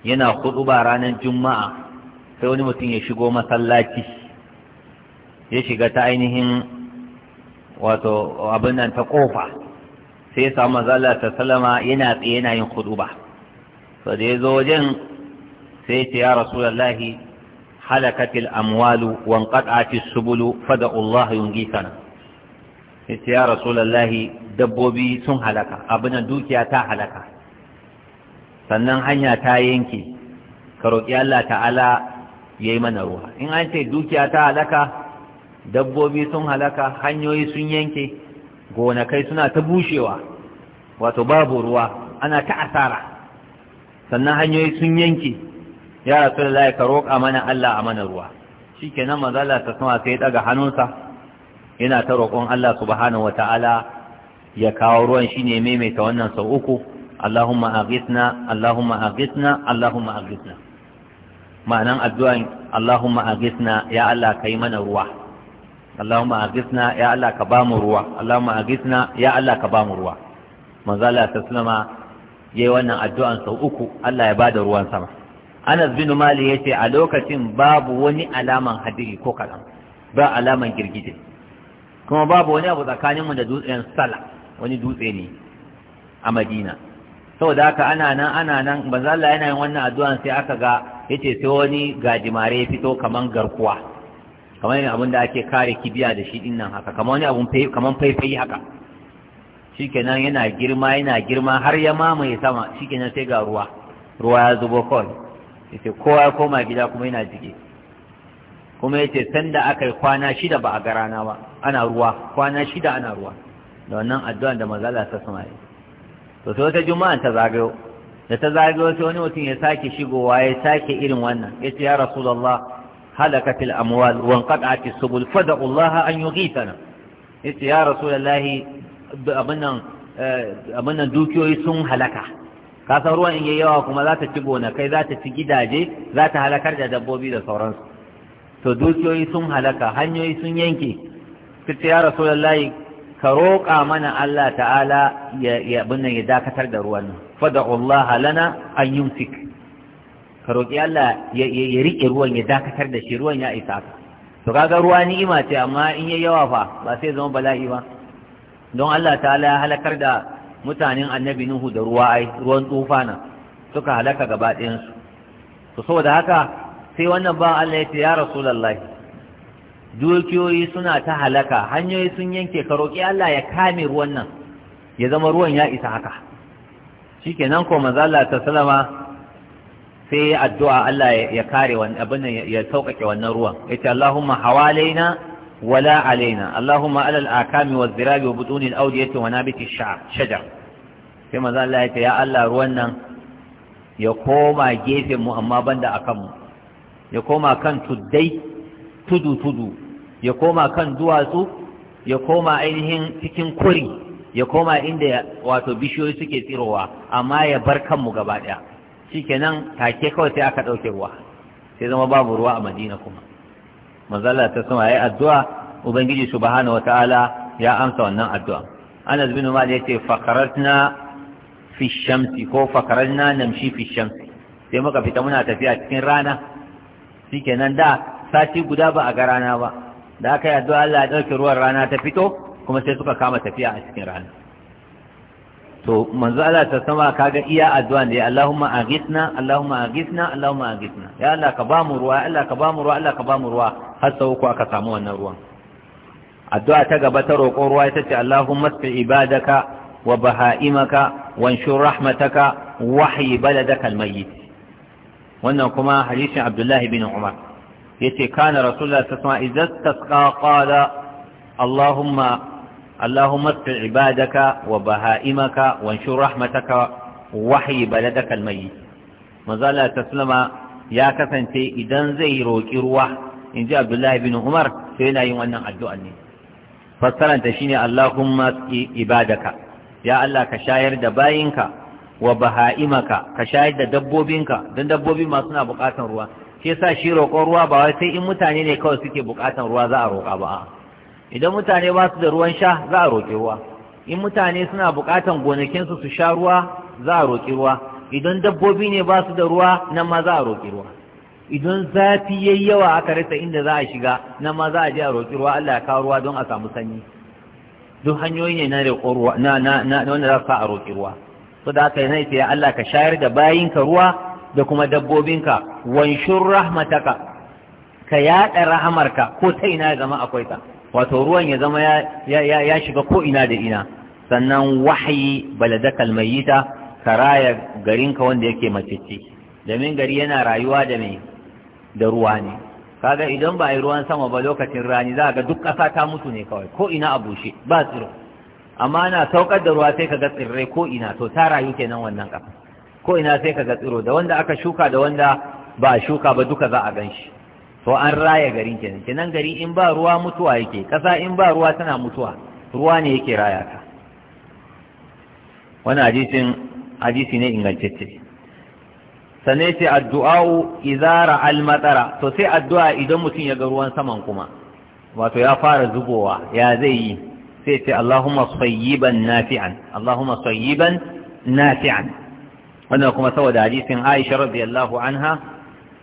yana ba ranar juma'a sai wani mutum ya shigo masallaci ya shiga ta ainihin wato abin nan ta kofa sai ya samu manzo Allah yana tsaye yana yin khutuba to da ya zo wajen sai ce ya rasulullahi halakatil amwalu wanqata'atis subulu fada'u Allah yungitana ya ya rasulallahi dabbobi sun halaka abinan dukiya ta halaka sannan hanya ta yanke ka roƙi Allah ta'ala ya yi mana ruwa in an ce dukiya ta halaka dabbobi sun halaka hanyoyi sun yanke gonakai suna ta bushewa wato babu ruwa ana ta asara sannan hanyoyi sun yanke ya rasulallahi ka roƙa mana Allah a mana ruwa shikenan manzo Allah ta sama sai ya daga hannunsa yana ta roƙon Allah subhanahu ta'ala ya kawo ruwan shi shine maimaita wannan sau uku Allahumma aghithna Allahumma aghithna Allahumma aghithna ma'anan addu'an Allahumma aghithna ya Allah kai mana ruwa Allahumma aghithna ya Allah ka bamu ruwa Allahumma aghithna ya Allah ka bamu ruwa manzo Allah sallama yayi wannan addu'an sau uku Allah ya bada ruwan sama Anas bin Malik yace a lokacin babu wani alaman hadiri ko kalam ba alaman girgije kuma babu wani abu tsakaninmu da dutsen sala wani dutse ne a madina da aka ana nan ana nan banza Allah yana yin wannan addu'an sai aka ga yace sai wani gajimare fito kamar garkuwa kamar yana abin da ake kare kibiya da shi dinnan haka kamar wani abun kamar faifai haka shikenan yana girma yana girma har ya mamaye sama shikenan sai ga ruwa ruwa ya zubo kawai yace kowa ya koma gida kuma yana jige kuma yace sanda aka yi kwana shida ba a ga rana ba ana ruwa kwana shida ana ruwa da wannan addu'an da manzala ta sama to sai wata juma'a ta zagayo da ta zagayo sai wani mutum ya sake shigowa ya sake irin wannan ya ce ya rasulullah هلكت الأموال وانقطعت السبل فدعوا الله أن يغيثنا ya يا رسول الله أمنا دوكيوي سن هلكة kasar ruwan in yayi yawa kuma za ta ci gona kai za ta ci gidaje za ta halakar da dabbobi da sauransu to dukiyoyi sun halaka hanyoyi sun yanke tace ya ka roƙa mana Allah ta'ala ya ya binne ya dakatar da ruwan fad'u Allah lana an yumsik ka roƙi Allah ya riƙe ruwan ya dakatar da shi ruwan ya isa ka to kaga ruwa ni'ima ce amma in ya yawa fa ba sai zama bala'i ba don Allah ta'ala ya halakar da mutanen annabi Nuhu da ruwa ai ruwan tufana suka halaka gaba ɗayansu to saboda haka sai wannan ba Allah ya ce ya rasulullahi dukiyoyi suna ta halaka hanyoyi sun yanke ka roƙi Allah ya kame ruwan nan ya zama ruwan ya isa haka shikenan ko manzo Allah ta salama sai ya addu'a Allah ya kare wannan abin nan ya sauƙaƙe wannan ruwan yace Allahumma hawalaina wala alaina Allahumma alal akami waz zirabi wa butunil awdiyati wa nabiti shajar sai manzo Allah yace ya Allah ruwan nan ya koma gefen mu amma banda akan mu ya koma kan tuddai tudu-tudu ya koma kan duwatsu ya koma ainihin cikin kuri ya koma inda wato bishiyoyi suke tsirowa amma ya bar kanmu gaba ɗaya shikenan take kawai sai aka ɗauke ruwa sai zama babu ruwa a madina kuma manzala ta sama ya yi addu'a ubangiji subhanahu ta'ala ya amsa wannan addu'a anas bin ya ce fakarar fi shamsi ko na namshi fi sai muka fita muna tafiya cikin rana shi kenan da sati guda ba a ga rana ba da aka yi addu'a Allah ya ɗauke ruwan rana ta fito kuma sai suka kama tafiya a cikin rana to manzo Allah ta sama kaga iya addu'a ne Allahumma aghithna Allahumma aghithna Allahumma aghithna ya Allah ka bamu ruwa Ya Allah ka bamu ruwa Allah ka bamu ruwa har sau uku aka samu wannan ruwan addu'a ta gaba ta roƙon ruwa ita ce Allahumma sfi ibadaka wa baha'imaka wanshur rahmataka wahyi baladaka almayyit wannan kuma hadisin Abdullah bin Umar yace kana rasulullah sallallahu alaihi wasallam idza tasqa qala allahumma allahumma asfi ibadaka wa bahaimaka wa anshur rahmataka wahyi baladaka almayyit manzala taslama ya kasance idan zai roki ruwa inji abdullahi bin umar sai yana yin wannan addu'a ne fassaranta shine allahumma asfi ibadaka ya allah ka shayar da bayinka wa baha'imaka ka shayar da dabbobinka don dabbobi ma suna bukatan ruwa shi yasa shi roƙon ruwa ba wai sai in mutane ne kawai suke buƙatan ruwa za a roƙa ba idan mutane ba su da ruwan sha za a roƙi ruwa in mutane suna buƙatan gonakinsu su sha ruwa za a roƙi ruwa idan dabbobi ne ba su da ruwa nan ma za a roƙi ruwa idan zafi yayi yawa aka rasa inda za a shiga nan ma za a je a roƙi ruwa Allah ya kawo ruwa don a samu sanyi duk hanyoyi ne na roƙo ruwa na na na wanda za a roƙi ruwa saboda haka yana ya Allah ka shayar da bayinka ruwa da kuma dabbobinka wanshur rahmataka ka yaɗa rahamarka ko ta ina ya zama akwai ta wato ruwan ya zama ya shiga ko ina da ina sannan wahayi baladakal mayyita ka raya garinka wanda yake macicci domin gari yana rayuwa da mai da ruwa ne kaga idan ba a yi ruwan sama ba lokacin rani za ga duk ƙasa ta mutu ne kawai ko ina a bushe ba tsiro amma ana saukar da ruwa sai ka ga tsirrai ko ina to ta rayu kenan wannan ƙasa ko ina sai ka ga tsiro da wanda aka shuka da wanda ba a shuka ba duka za a gan shi to an raya garin kenan kenan gari in ba ruwa mutuwa yake kasa in ba ruwa tana mutuwa ruwa ne yake raya ta wani hadisin hadisi ne ingantacce sannan sai addu'a'u izara al-matsara to sai addu'a idan mutum ya ga ruwan saman kuma wato ya fara zubowa ya zai yi sai ce Allahumma sayyiban nafi'an Allahumma sayyiban nafi'an wannan kuma saboda hadisin Aisha radiyallahu anha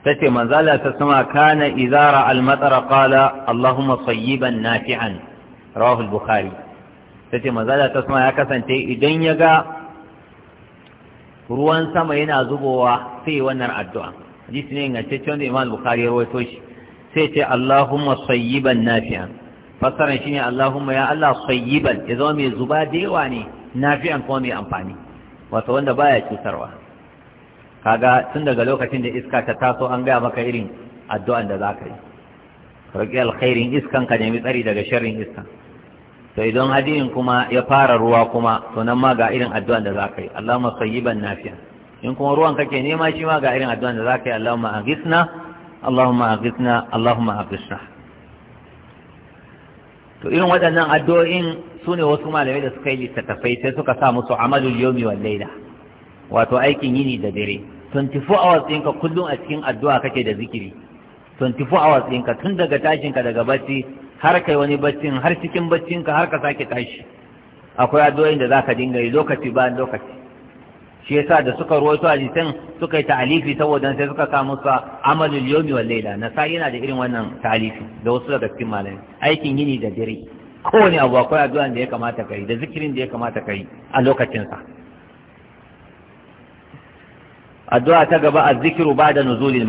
tace manzo Allah ta sama kana izara al-matara qala Allahumma sayyiban nafi'an rawahu al-bukhari tace manzo Allah ta sama ya kasance idan ya ga ruwan sama yana zubowa sai wannan addu'a hadisi ne ingantacce wanda Imam Bukhari ya rawaito shi sai ce Allahumma sayyiban nafi'an fassaran shine Allahumma ya Allah sayyiban ya zama mai zuba da yawa ne nafi'an kuma mai amfani wato wanda baya cutarwa kaga tun daga lokacin da iska ta taso an gaya maka irin addu'an da zaka yi roki alkhairin iskan ka nemi tsari daga sharrin iska. to idan hadin kuma ya fara ruwa kuma to nan ma ga irin addu'an da zaka yi Allahumma sayyiban nafi'a in kuma ruwan kake nema shi ma ga irin addu'an da zaka yi Allahumma aghithna Allahumma aghithna Allahumma aghithna to irin waɗannan addu'o'in su ne wasu malamai da suka yi littattafai sai suka sa musu amalul yomi wa laila wato aikin yini da dare 24 hours ɗinka kullum a cikin addu'a kake da zikiri 24 hours ɗinka tun daga tashinka daga bacci har kai wani baccin har cikin baccinka har ka sake tashi akwai addu'o'in da zaka dinga yi lokaci bayan lokaci shi yasa da suka a hadisin suka yi ta'alifi saboda sai suka sa musa amalul yawmi wal na sa yana da irin wannan ta'alifi da wasu daga cikin malamai aikin yini da dare kowane abu akwai addu'a da ya kamata ka yi da zikirin da ya kamata ka yi a lokacinsa addu'a ta gaba a zikiru ba da nuzulin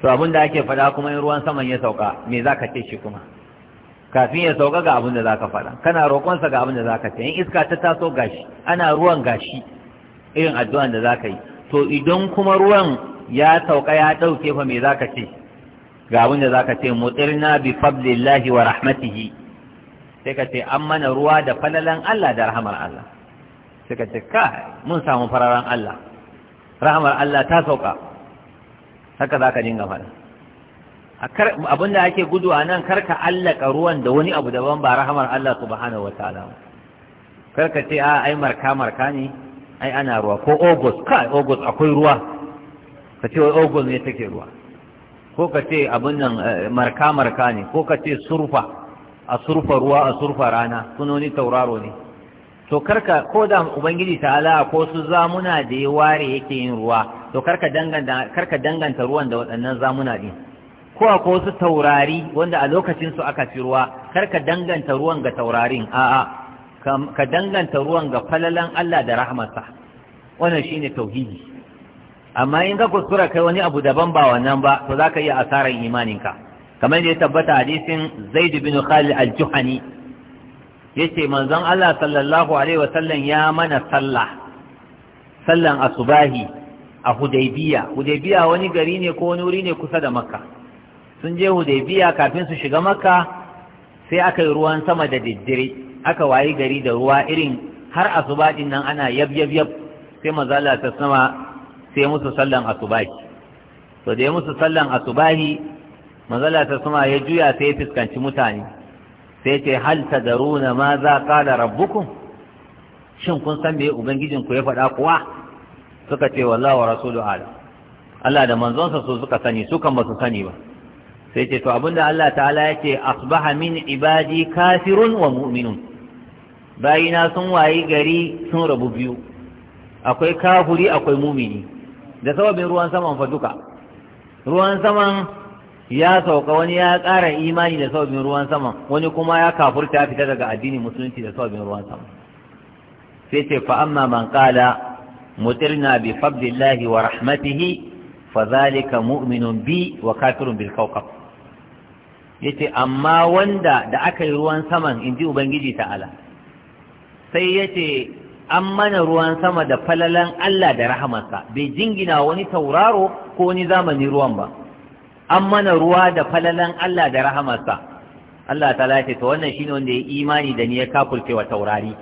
to abin da ake faɗa kuma in ruwan saman ya sauka me za ka ce shi kuma kafin ya sauka ga abin da za ka faɗa kana roƙonsa ga abin da za ka ce in iska ta taso gashi ana ruwan gashi irin addu'an da za ka yi to idan kuma ruwan ya sauka ya ɗauke fa me za ka ce ga abin da za ka ce mutsirna bi fablillahi wa rahmatihi sai ka ce an mana ruwa da falalan Allah da rahamar Allah sai ka ce ka mun samu fararen Allah rahamar Allah ta sauka haka za ka dinga fara abin da ake gudu a nan karka allaka ruwan da wani abu daban ba rahamar Allah subhanahu wa ta'ala karka ce a ai marka marka ne ai ana ruwa ko august kai august akwai ruwa ka ce wai august ne take ruwa ko ka ce abin nan eh, marka marka ne ko ka ce surfa a surfa ruwa a surfa rana sunoni tauraro ne to karka ko da ubangiji ta'ala ko su zamuna da ya ware yake yin ruwa to karka danganta karka danganta ruwan da waɗannan zamuna din ko akwai su taurari wanda a lokacin su aka ci ruwa karka danganta ruwan ga taurarin a'a ka danganta ruwan ga falalan Allah da rahmarsa wannan shine tauhidi amma in ka kuskura kai wani abu daban ba wannan ba to ka iya asarar imaninka kamar da ya tabbata hadisin Zaid bin Khalid al-Juhani yace manzon Allah sallallahu alaihi sallam ya mana sallah sallan asubahi a Hudaybiya Hudaybiya wani gari ne ko wani wuri ne kusa da Makka sun je Hudaybiya kafin su shiga Makka sai aka yi ruwan sama da diddire aka wayi gari da ruwa irin har asuba din nan ana yab yab yab sai mazala ta sama sai musu sallan asubahi to da ya musu sallan asubahi mazala Allah ta sama ya juya sai ya fuskanci mutane sai ce hal tadaruna ma za qala rabbukum shin kun san me ubangijin ku ya faɗa kuwa suka ce wallahi wa rasulu ala Allah da manzonsa su suka sani su kan ba su sani ba sai ce to abinda Allah ta'ala ya ce asbaha min ibadi kafirun wa mu'minun bayina sun wayi gari sun rabu biyu akwai kafuri akwai mumini da sababin ruwan saman fa duka ruwan saman ya sauka wani ya ƙara imani da sababin ruwan saman wani kuma ya kafurta ya fita daga addinin musulunci da sababin ruwan saman sai ce fa amma man qala mutirna bi fadlillahi wa rahmatihi fa zalika mu'minun bi wa kafirun bil kawkab yace amma wanda da aka yi ruwan saman inji ubangiji ta'ala sai ya ce an mana ruwan sama da falalan Allah da rahamarsa bai jingina wani tauraro ko wani zamani ruwan ba an mana ruwa da falalan Allah da rahamarsa Allah ta lafi ta wannan shine wanda ya imani da ni ya kafulce wa taurari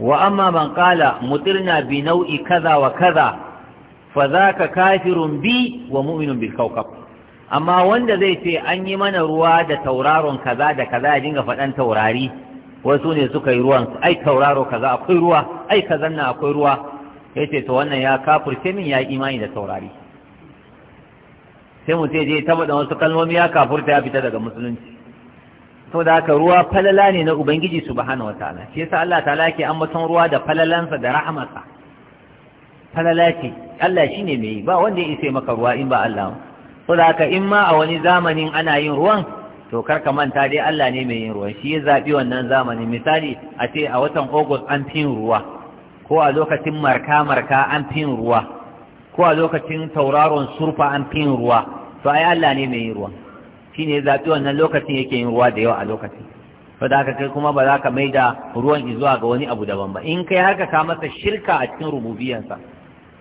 wa amma man qala mutirna bi nau'i kaza wa kaza fa zaka kafirun bi wa mu'minun bil kawkab amma wanda zai ce an yi mana ruwa da tauraron kaza da kaza ya dinga faɗan taurari Wasu ne suka yi ruwan ai tauraro kaza akwai ruwa ai kazan nan akwai ruwa yace to wannan ya sai min ya imani da taurari sai sai je ta da wasu kalmomi ya ta ya fita daga musulunci da haka ruwa falala ne na ubangiji subhanahu wataala shi yasa Allah ta'ala yake ambaton ruwa da falalansa da rahmarsa falala ce Allah shine mai ba wanda ya isa maka ruwa in ba Allah da haka in ma a wani zamanin ana yin ruwan to kar ka manta dai Allah ne mai yin ruwan shi ya zaɓi wannan zamani misali a ce a watan ogos an fi ruwa ko a lokacin marka-marka an fi ruwa ko a lokacin tauraron surfa an fi ruwa to ai Allah ne mai yin ruwa shi ne ya zaɓi wannan lokacin yake yin ruwa da yawa a lokacin to da haka kai kuma ba za ka mai da ruwan zuwa ga wani abu daban ba in kai haka ka masa shirka a cikin rububiyansa.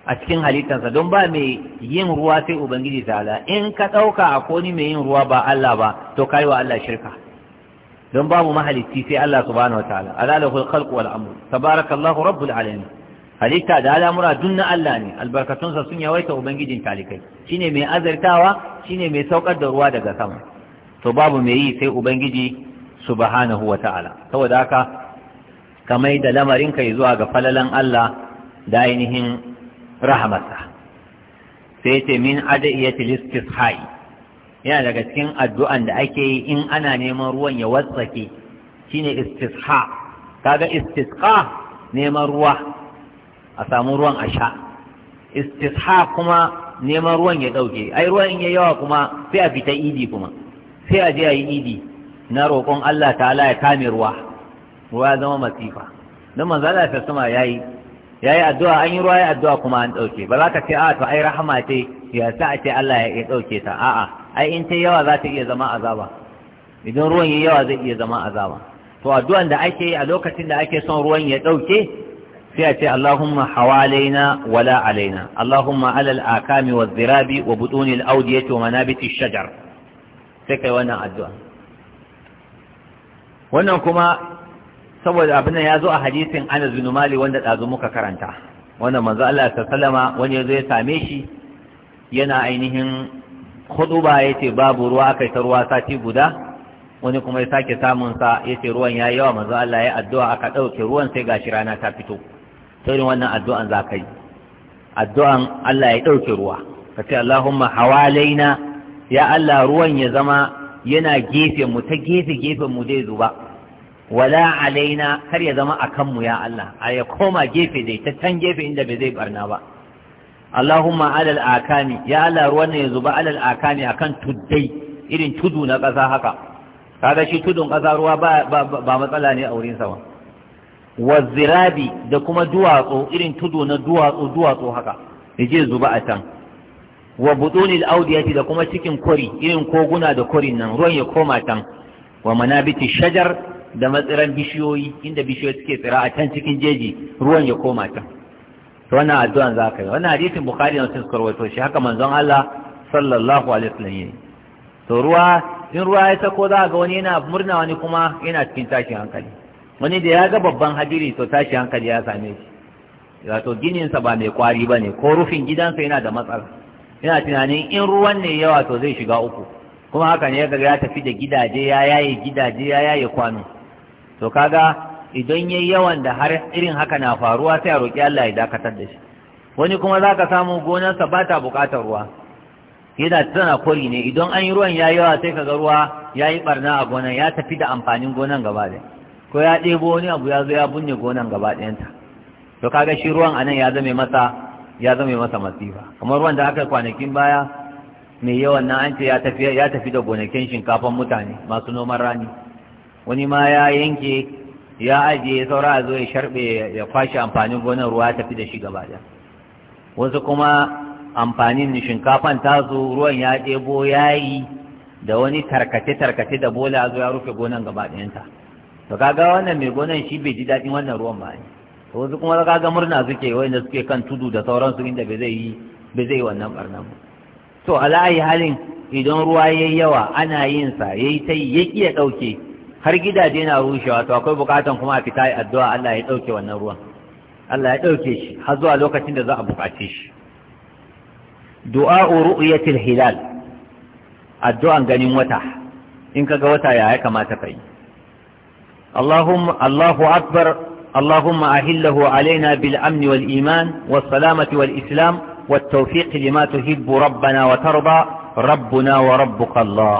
a cikin halittarsa don ba mai yin ruwa sai ubangiji ta'ala in ka ɗauka a koni mai yin ruwa ba Allah ba to kai wa Allah shirka don babu mahalicci sai Allah subhanahu wataala alalahul khalqu wal amr tabarakallahu rabbul alamin halitta da al'amura dunna Allah ne albarkatunsa sun yawaita ubangijin talikai shine mai azartawa shine mai saukar da ruwa daga sama to babu mai yi sai ubangiji subhanahu wataala saboda haka kamai da lamarin kai zuwa ga falalan Allah da ainihin rahamarsa sai ce min adiyatil hai, yana daga cikin addu'an da ake yi in ana neman ruwan ya watsake shine istisqa kaga istisqa neman ruwa a samu ruwan a sha istisha kuma neman ruwan ya ɗauke ai ruwan in ya yawa kuma sai a fita idi kuma sai a je a yi idi na roƙon Allah ta'ala ya kame ruwa ruwa zama masifa don manzo Allah ya yi. yayi Ya yi addu'a an yi ruwa ya addu'a kuma an ɗauke ba za ka ce a to ai rahama ce ya sa a ce Allah ya dauke ta a'a ai in ta yawa za ta iya zama azaba idan ruwan yayi yawa zai iya zama azaba to addu'an da ake yi a lokacin da ake son ruwan ya ɗauke sai a ce Allahumma hawalaina wala alaina Allahumma alal akami wa zirabi wa Audu awdiyati wa manabiti shajar sai kai wannan addu'a wannan kuma saboda abin ya zo a hadisin Anas bin Mali wanda ɗazu muka karanta wanda manzo Allah ya sallama wani zo ya same shi yana ainihin ya ce babu ruwa akai ta ruwa sati guda wani kuma ya sake samun sa ce ruwan yayi yawa manzo Allah ya addu'a aka dauke ruwan sai gashi rana ta fito to irin wannan addu'an za kai addu'an Allah ya dauke ruwa ka kace Allahumma hawalaina ya Allah ruwan ya zama yana gefe mu ta gefe gefen mu zai zuba wala alaina har ya zama a kanmu ya Allah a ya koma gefe dai ta can gefe inda bai zai barna ba Allahumma alal akami ya Allah ruwan ya zuba alal akami akan tuddai irin tudu na ƙasa haka kaga shi tudun ƙasa ruwa ba matsala ne a wurin sama wa zirabi da kuma duwatsu irin tudu na duwatsu duwatsu haka yaje zuba a can wa butunil audiyati da kuma cikin kori irin koguna da korin nan ruwan ya koma can wa manabiti shajar da matsiran bishiyoyi inda bishiyoyi suke tsira a can cikin jeji ruwan ya koma can to wannan addu'an za ka yi wannan hadisin bukhari na sun karwato shi haka manzon Allah sallallahu alaihi wasallam yayi to ruwa in ruwa ya sako za ga wani yana murna wani kuma yana cikin tashin hankali wani da ya ga babban hadiri to tashin hankali ya same shi wato sa ba mai kwari ba ne ko rufin gidansa yana da matsala yana tunanin in ruwan ne yawa to zai shiga uku kuma haka ne ya ga ya tafi da gidaje ya yaye gidaje ya yaye kwano to kaga idan yayi yawan da har irin haka na faruwa sai a roki Allah ya dakatar da shi wani kuma zaka samu gonarsa ba ta bukatar ruwa yana tana kori ne idan an yi ruwan ya yawa sai kaga ruwa yayi barna a gonar ya tafi da amfanin gonar gaba ɗaya ko ya ɗebo wani abu ya zo ya bunne gonar gaba ɗayanta to kaga shi ruwan anan ya zame masa ya zame masa masifa kamar ruwan da aka kwanakin baya mai yawan nan an ce ya tafi ya tafi da gonakin shinkafan mutane masu noman rani wani ma ya yanke ya ajiye saura a zo ya sharbe ya kwashe amfanin gonar ruwa tafi da shi gaba da wasu kuma amfanin shinkafan zo ruwan ya ɗebo ya yi da wani tarkace-tarkace da bola zo ya rufe gonan gaba ɗayanta to kaga wannan mai gonan shi bai ji daɗin wannan ruwan ba ne to wasu kuma kaga murna suke wanda suke kan tudu da sauransu inda bai zai yi bai zai wannan barnan ba to ala'ayi halin idan ruwa yayi yawa ana yin sa yayi ta ya ki ya ɗauke. har gidaje na rushewa to akwai bukatan kuma a fita addu'a Allah ya dauke wannan ruwan Allah ya dauke shi har zuwa lokacin da za a bukace shi du'a ru'yatul hilal addu'an ganin wata in kaga wata ya ya kamata kai Allahumma Allahu akbar Allahumma ahillahu alaina bil amn wal iman was salamati wal islam wat tawfiq tuhibbu rabbana wa tarda rabbuna wa rabbuka Allah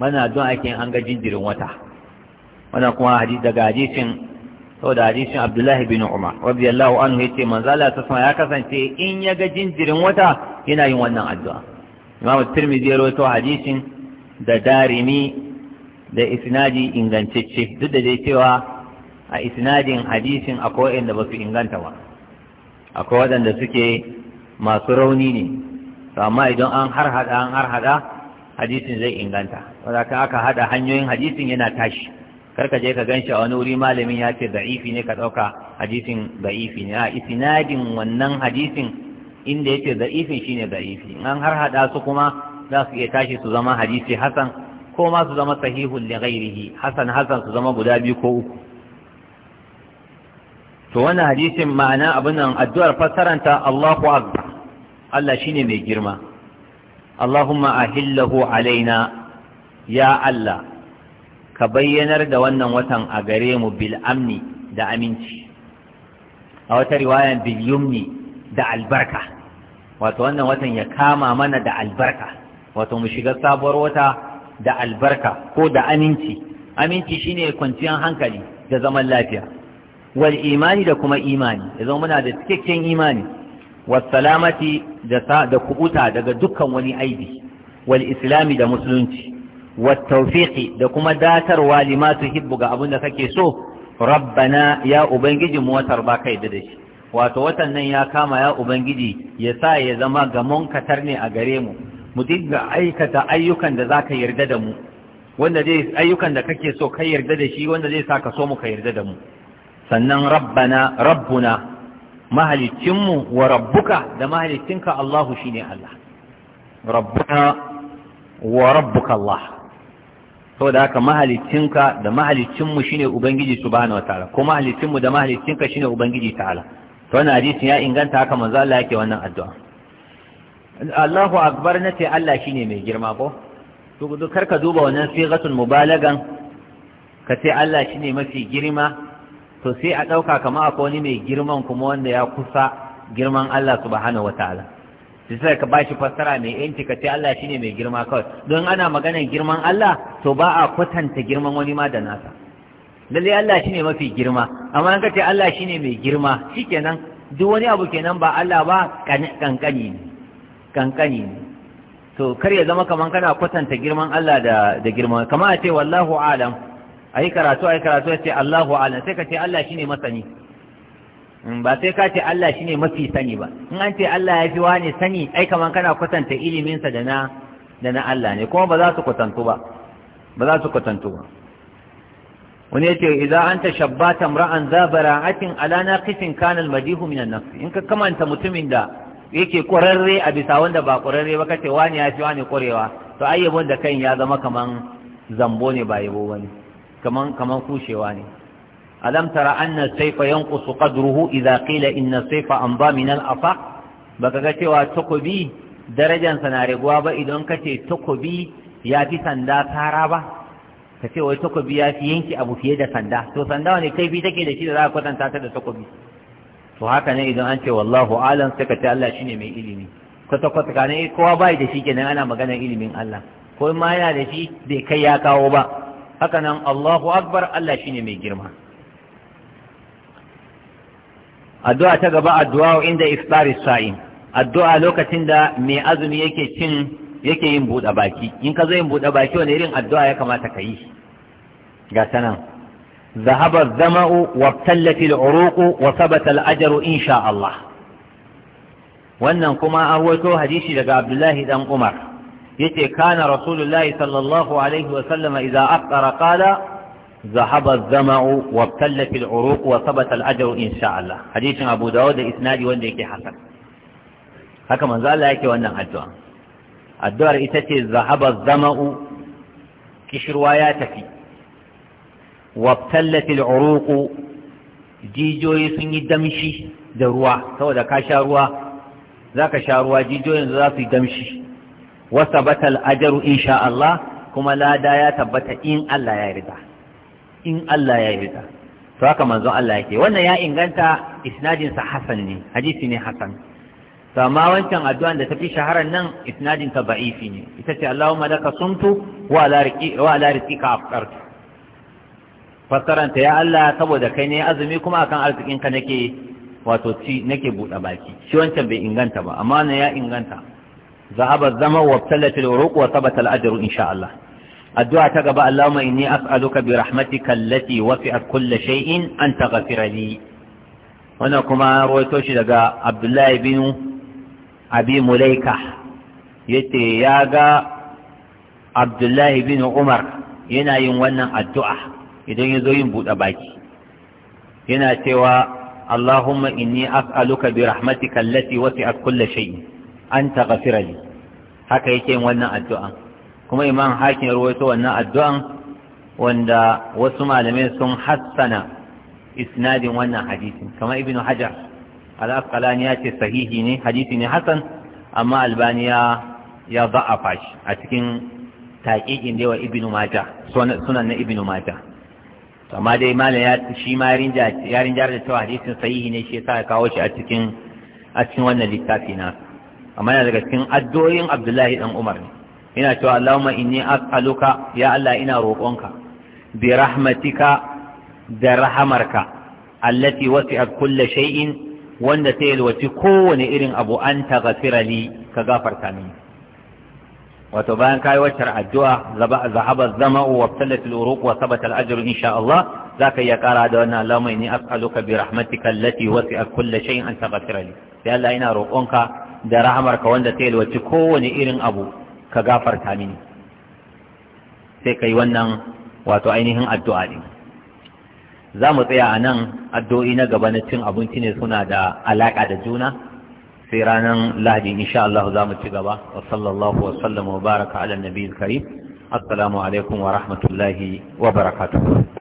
mana addu'a kin an ga jinjirin wata wannan kuma hadisi daga hadisin saboda hadisin Abdullahi bin Umar radiyallahu anhu yace manzo Allah ta sama ya kasance in ya ga jinjirin wata yana yin wannan addu'a Imam Tirmidhi ya rawaito hadisin da Darimi da isnadi ingantacce duk da dai cewa a isnadin hadisin akwai waɗanda ba su inganta ba akwai waɗanda suke masu rauni ne amma idan an har hada an har hada hadisin zai inganta wadda aka haɗa hanyoyin hadisin yana tashi karka je ka ganshi a wani wuri malamin ya ce da'ifi ne ka ɗauka hadisin da'ifi ne a isinadin wannan hadisin inda ya ce da'ifin shine da'ifi an har haɗa su kuma za su iya tashi su zama hadisi hasan ko ma su zama sahihun li ghairihi hasan hasan su zama guda biyu ko uku to wannan hadisin ma'ana abin nan addu'ar fassaranta Allahu akbar Allah shine mai girma Allahumma ahillahu alaina ya Allah ka bayyanar da wannan watan a gare mu bil amni da aminci a wata riwayan bil da albarka wato wannan watan ya kama mana da albarka wato mu shiga sabuwar wata da albarka ko da aminci aminci shine kwanciyar hankali da zaman lafiya wal imani da kuma imani yanzu muna da cikakken imani was salamati da da kubuta daga dukkan wani aibi wal islami da musulunci والتوفيق دكما داتر ولما تحب أبونا كيسو ربنا يا أبنجي موتر باكي ددش wato watan nan ya kama ya ubangiji ya sa ya zama ga katar ne a gare mu mu dinga aikata ayyukan da zaka yarda da mu wanda zai ayyukan da kake so ka yarda da shi wanda zai sa ka so mu ka yarda da mu sannan rabbana rabbuna mahalicinmu wa rabbuka da mahalicinka Allahu shine Allah rabbuna wa rabbuka Allah saboda haka mahalicinka da mahalicinmu shine ubangiji subhanahu wataala ko mahalicinmu da mahalicinka shine ubangiji ta'ala to wannan hadisin ya inganta haka manzo Allah yake wannan addu'a Allahu akbar ce Allah shine mai girma ko to kar ka duba wannan sigatul mubalagan ka ce Allah shine mafi girma to sai a dauka kama akwai wani mai girman kuma wanda ya kusa girman Allah subhanahu wataala shi sai ka bashi fassara mai yanci ka ce Allah shine mai girma kawai don ana maganar girman Allah to ba a kwatanta girman wani ma da nasa Lallai Allah shine mafi girma amma in ka ce Allah shine mai girma shikenan duk wani abu kenan ba Allah ba kankani ne kankani ne to kar ya zama kamar kana kwatanta girman Allah da da girma kamar a ce wallahu alam ayi karatu ayi karatu ya ce Allahu alam sai ka ce Allah shine masani Mm, ba sai ka ce Allah shi ne mafi sani ba in an ce Allah ya fi wani sani ai kamar kana kwatanta iliminsa da na da na Allah ne kuma ba za su kwatantu ba ba za su kwatantu ba wani ya ce idza anta shabbata imra'an za bara'atin ala naqisin kana al-madihu min an in ka kamanta mutumin da yake ƙwararre a bisa wanda ba ƙwararre ba kace wani ya fi wani ƙwarewa to ayyabon da kan ya zama kaman zambo ne ba yabo bane kaman kaman kushewa ne alam tara anna saifa yanqusu qadruhu idza qila inna saifa amba min al-afaq baka ga cewa takobi darajan na raguwa ba idan kace takobi ya fi sanda ba kace wai takobi ya fi yanki abu fiye da sanda to sanda wani kaifi take da shi da za ka kwatanta ta da takobi to haka ne idan an ce wallahu alam sai ka ce Allah shine mai ilimi kwata kwata kane kowa bai da shi kenan ana maganar ilimin Allah ko ma yana da shi bai kai ya kawo ba haka nan Allahu akbar Allah shine mai girma addu'a ta gaba addu'a inda iftari sa'in addu'a lokacin da mai azumi yake cin yake yin buɗe baki in ka zo yin buɗe baki wani irin addu'a ya kamata ka yi ga sanan zahaba zama'u wa tallafi al'uruqu wa sabata al'ajru insha Allah wannan kuma an wato hadisi daga Abdullahi dan Umar yace kana rasulullahi sallallahu alaihi wa sallama idza afṭara qala ذهب الزمع وابتلت العروق وثبت الأجر إن شاء الله حديث أبو داود إسنادي وندك حسن haka manzo yake wannan addu'a addu'ar ita ce zahaba zama'u kishirwa ya tafi wabtallatil uruqu jijiyoyi sun yi damshi da ruwa saboda ka sha ruwa zaka sha ruwa jijiyoyin za su yi damshi wasa batal ajaru kuma lada ya tabbata in Allah ya yarda in Allah ya yi ta to haka manzon Allah yake wannan ya inganta isnadin sa hasan ne hadisi ne hasan amma wancan addu'an da tafi shaharar nan isnadin ta ba'ifi ne ita ce Allahumma laka sumtu wa ala riqi afqartu fassaranta ya Allah saboda kai ne azumi kuma akan arzikin ka nake wato ci nake buɗe baki shi wancan bai inganta ba amma ne ya inganta zahaba zama wa talatil uruq wa sabata al ajru insha Allah addu'a ta gaba Allahumma inni as'aluka bi rahmatika allati wasi'at kulli shay'in an taghfira li wannan kuma rawaito shi daga Abdullahi bin Abi Mulaika yace ya Abdullahi bin Umar yana yin wannan addu'a idan ya yin buɗe baki yana cewa Allahumma inni as'aluka bi rahmatika allati wasi'at kulli shay'in an taghfira li haka yake yin wannan addu'a kuma imam hakim ya rawaito wannan addu'an wanda wasu malamai sun hassana isnadin wannan hadisin kamar ibnu hajar al-asqalani ya ce sahihi ne hadisi ne hasan amma albani ya ya za'afa shi a cikin taqiqin da wa ibnu Mata, sunan na ibnu majah amma dai malam ya shi ma ya rinjar da cewa hadisin sahihi ne shi yasa ya kawo shi a cikin a cikin wannan littafi na amma yana daga cikin addu'o'in Abdullahi dan Umar ne yana cewa Allahumma inni as'aluka ya Allah ina roƙonka bi rahmatika da rahamarka allati wasi'at kulli shay'in wanda ta yalwaci kowane irin abu an taghfira li ka gafarta mini wato bayan kai wacce addu'a zahaba zama'u wa talat al-uruq wa thabata al-ajr insha Allah zaka iya kara da wannan Allahumma inni as'aluka bi rahmatika allati wasi'at kulli shay'in an taghfira li ya Allah ina roƙonka da rahamarka wanda ta yalwaci kowane irin abu ka gafarta mini sai kai wannan wato ainihin addu'a din za mu tsaya a nan addu'o'i na gaba na cin abinci ne suna da alaƙa da juna sai ranar lahadi insha Allah za mu ci gaba wa sallallahu wa sallam wa baraka ala nabiyil karim assalamu alaikum wa rahmatullahi wa barakatuh